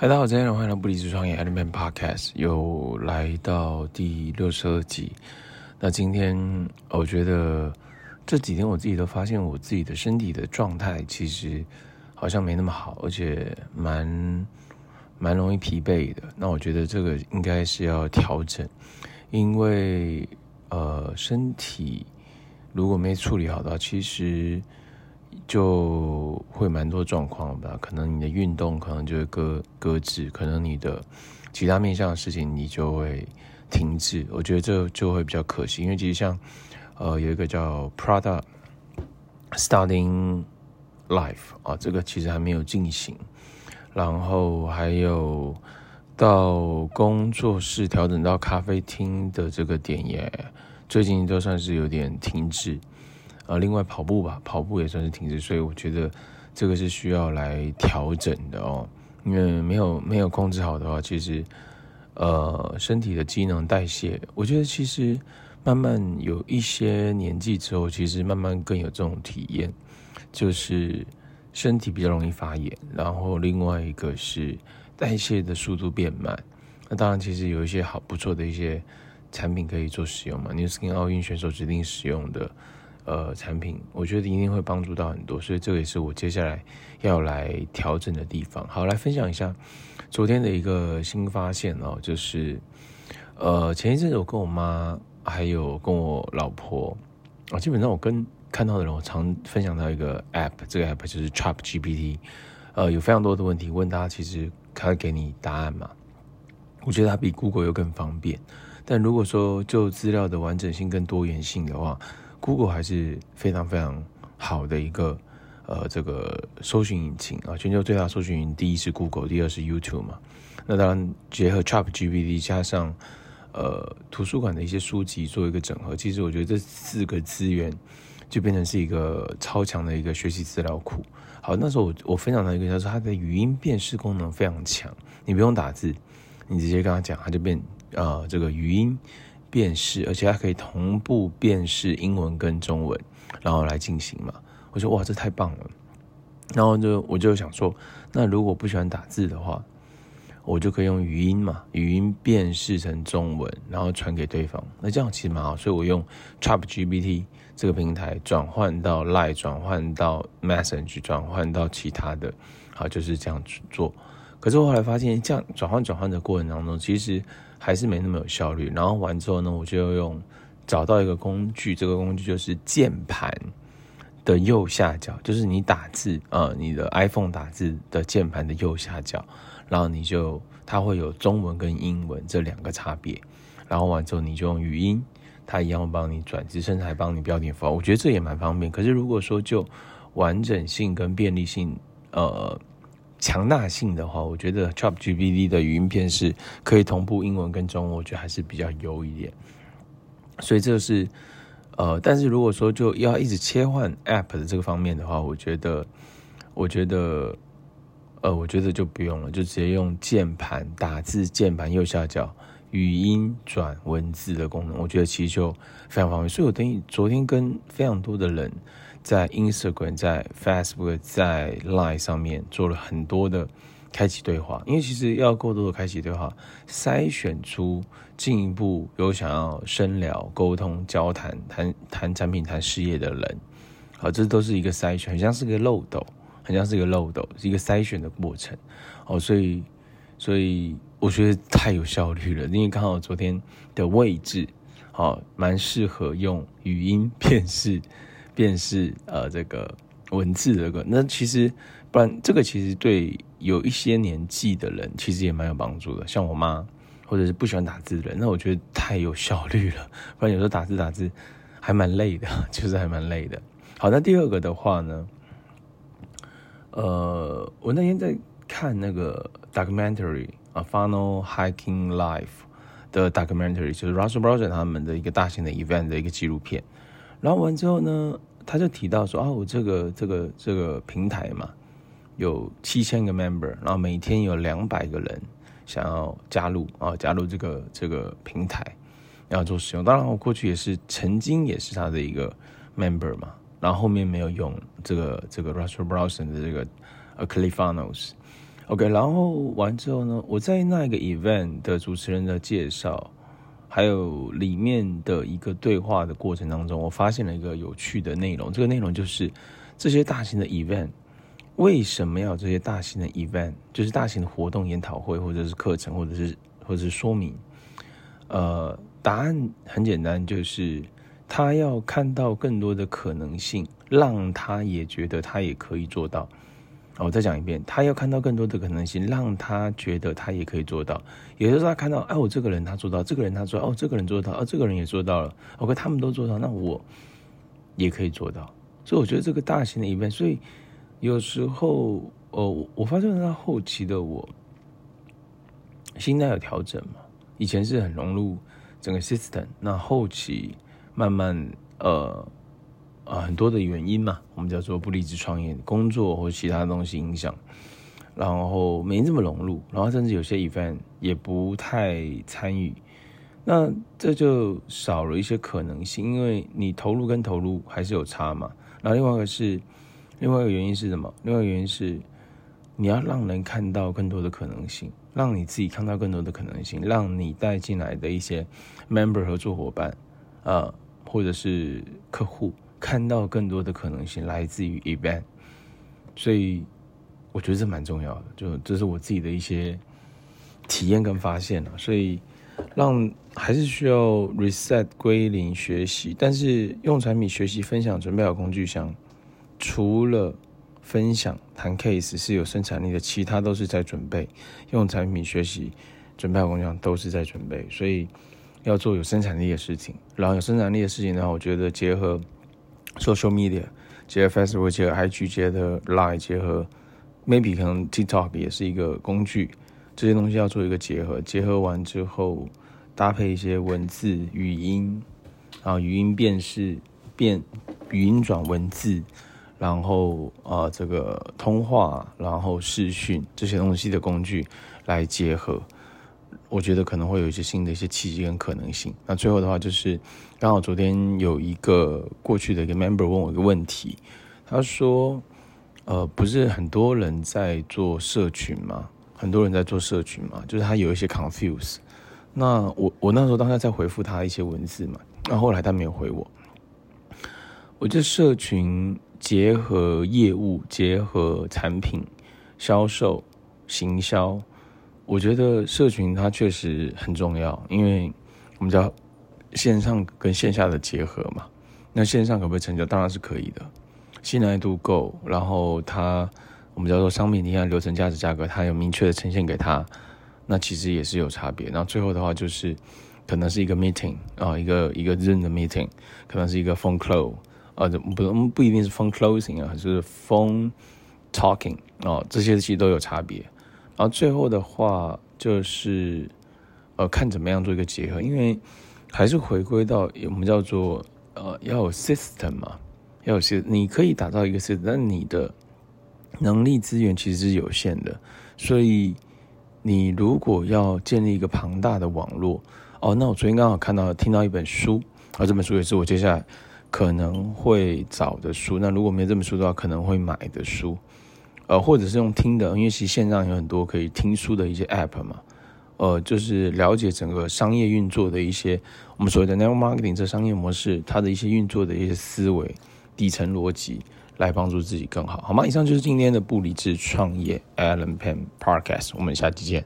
嗨，大家好，今天歡迎來到不離職創業 Allen Podcast，又來到第六十二集。那今天我覺得這幾天我自己都發現我自己的身體的狀態其實好像沒那麼好，而且蠻蠻容易疲憊的。那我覺得這個應該是要調整，因為呃，身體如果沒處理好的話，其實。就會蠻多狀況了吧，可能你的運動可能就會擱擱置，可能你的其他面向的事情你就會停滯。我覺得這就會比較可惜，因為其實像呃有一個叫 Product Starting Life 啊，這個其實還沒有進行，然後還有到工作室調整到咖啡廳的這個點也最近都算是有點停滯。啊、呃，另外跑步吧，跑步也算是停止，所以我覺得這個是需要來調整的哦，因為沒有沒有控制好的話，其實呃身體的機能代謝，我覺得其實慢慢有一些年紀之後，其實慢慢更有這種體驗，就是身體比較容易發炎，然後另外一個是代謝的速度變慢，那當然其實有一些好不錯的一些產品可以做使用嘛，New Skin 奧運選手指定使用的。呃，產品我覺得一定會幫助到很多，所以這也是我接下來要來調整的地方。好，來分享一下昨天的一個新發現哦，就是呃，前一陣子我跟我媽還有跟我老婆，啊、哦，基本上我跟看到的人，我常分享到一個 App，這個 App 就是 Chat GPT，呃，有非常多的問題問它，其實它給你答案嘛。我覺得它比 Google 又更方便，但如果說就資料的完整性跟多元性的話，Google 還是非常非常好的一個呃，這個搜尋引擎啊，全球最大搜尋引擎，第一是 Google，第二是 YouTube 嘛。那當然結合 ChatGPT 加上呃圖書館的一些書籍做一個整合，其實我覺得這四個資源就變成是一個超強的一個學習資料庫。好，那時候我我分享到一個，就是它的語音辨識功能非常強，你不用打字，你直接跟他講，他就變啊、呃、這個語音。辨識，而且它可以同步辨識英文跟中文，然後來進行嘛。我說哇，這太棒了。然後就我就想說，那如果不喜歡打字的話，我就可以用語音嘛，語音辨識成中文，然後傳給對方。那這樣其實蠻好，所以我用 ChatGPT 這個平台轉換到 Line，轉換到 Message，轉換到其他的，好，就是這樣去做。可是我後來發現，這樣轉換轉換的過程當中，其實。還是沒那麼有效率。然後完之後呢，我就用找到一個工具，這個工具就是鍵盤的右下角，就是你打字啊、呃，你的 iPhone 打字的鍵盤的右下角，然後你就它會有中文跟英文這兩個差別。然後完之後你就用語音，它一樣會幫你轉字，甚至還幫你標點符號。我覺得這也蠻方便。可是如果說就完整性跟便利性，呃。強大性的話，我覺得 ChatGPT 的語音片是可以同步英文跟中文，我覺得還是比較優一點。所以這是呃，但是如果說就要一直切換 app 的這個方面的話，我覺得，我覺得，呃，我覺得就不用了，就直接用鍵盤打字，鍵盤右下角語音轉文字的功能，我覺得其實就非常方便。所以我等於昨天跟非常多的人。在 Instagram、在 Facebook、在 Line 上面做了很多的開啟對話，因為其實要過多的開啟對話，篩選出進一步有想要深聊、溝通、交談、談談產品、談事業的人，好，這都是一個篩選，很像是個漏斗，好像是個漏斗，是一個篩選的過程，好，所以所以我覺得太有效率了，因為剛好昨天的位置，好，蠻適合用語音辨識。便是呃這個文字的、那個，那其實不然，這個其實對有一些年紀的人其實也蠻有幫助的，像我媽或者是不喜歡打字的人，那我覺得太有效率了，不然有時候打字打字還蠻累的，就是還蠻累的。好，那第二個的話呢，呃，我那天在看那個 documentary 啊 Funnel Hacking Live 的 documentary，就是 Russell Brunson 他們的一個大型的 event 的一個紀錄片，然後完之後呢。他就提到說啊，我這個這個這個平台嘛，有七千個 member，然後每天有兩百個人想要加入啊，加入這個這個平台，要做使用。當然，我過去也是曾經也是他的一個 member 嘛，然後後面沒有用這個這個 Russell Brunson 的這個呃 Cliffanos，OK, okay, 然後完之後呢，我在那個 event 的主持人的介紹。還有裡面的一個對話的過程當中，我發現了一個有趣的內容。這個內容就是，這些大型的 event 為什麼要這些大型的 event？就是大型的活動、研討會，或者是課程，或者是或者是說明。呃，答案很簡單，就是他要看到更多的可能性，讓他也覺得他也可以做到。我再講一遍，他要看到更多的可能性，讓他覺得他也可以做到。也就是他看到，哎，我這個人他做到，這個人他做，哦，這個人做到，哦，這個人也做到了。OK，哦，他們都做到，那我也可以做到。所以我覺得這個大型的 event，所以有時候，呃，哦，我發現他後期的我心態有調整嘛，以前是很融入整個 system，那後期慢慢，呃。啊，很多的原因嘛，我們叫做不離職創業、工作或其他東西影響，然後沒這麼融入，然後甚至有些 event 也不太參與，那這就少了一些可能性，因為你投入跟投入還是有差嘛。然後，另外一個是，另外一個原因是什麼？另外一個原因是，你要讓人看到更多的可能性，讓你自己看到更多的可能性，讓你帶進來的一些 member 合作夥伴，啊，或者是客戶。看到更多的可能性來自於 event，所以我覺得這蠻重要的，就這是我自己的一些體驗跟發現啊。所以讓還是需要 reset 歸零學習，但是用產品學習、分享、準備好工具箱，除了分享談 case 是有生產力的，其他都是在準備。用產品學習、準備好工具箱都是在準備，所以要做有生產力的事情。然後有生產力的事情的話，我覺得結合。social media，結合 Facebook 結合 IG 結合 Line 結合，maybe 可能 TikTok 也是一個工具，這些東西要做一個結合，結合完之後搭配一些文字、語音，然後語音辨識、變語音轉文字，然後啊、呃、這個通話，然後視訊這些東西的工具來結合。我覺得可能會有一些新的一些契機跟可能性。那最後的話就是，剛好昨天有一個過去的一個 member 問我一個問題，他說：“呃，不是很多人在做社群嗎？很多人在做社群嗎？就是他有一些 confuse。”那我我那時候當時在回覆他一些文字嘛，那後來他沒有回我。我覺得社群結合業務、結合產品、銷售、行銷。我覺得社群它確實很重要，因為我們叫線上跟線下的結合嘛。那線上可不可以成交？當然是可以的，信賴度夠。然後它我們叫做商品提案、流程、價值、價格，它有明確的呈現給他，那其實也是有差別。然後最後的話就是，可能是一個 meeting 啊、哦，一個一個認的 meeting，可能是一個 phone close 啊，不不一定是 phone closing 啊，是 phone talking 啊、哦，這些其實都有差別。然後最後的話就是，呃，看怎麼樣做一個結合，因為還是回歸到我們叫做呃要有 system 嘛，要有 system 你可以打造一個 system，但你的能力資源其實是有限的，所以你如果要建立一個龐大的網絡，哦，那我昨天剛好看到聽到一本書，而這本書也是我接下來可能會找的書，那如果沒有這本書的話，可能會買的書。呃，或者是用聽的，因為其實線上有很多可以聽書的一些 App 嘛。呃，就是了解整個商業運作的一些，我們所謂的 network marketing 這商業模式，它的一些運作的一些思維、底層邏輯，來幫助自己更好，好嗎？以上就是今天的不離職創業 Allen Peng Podcast，我們下期見。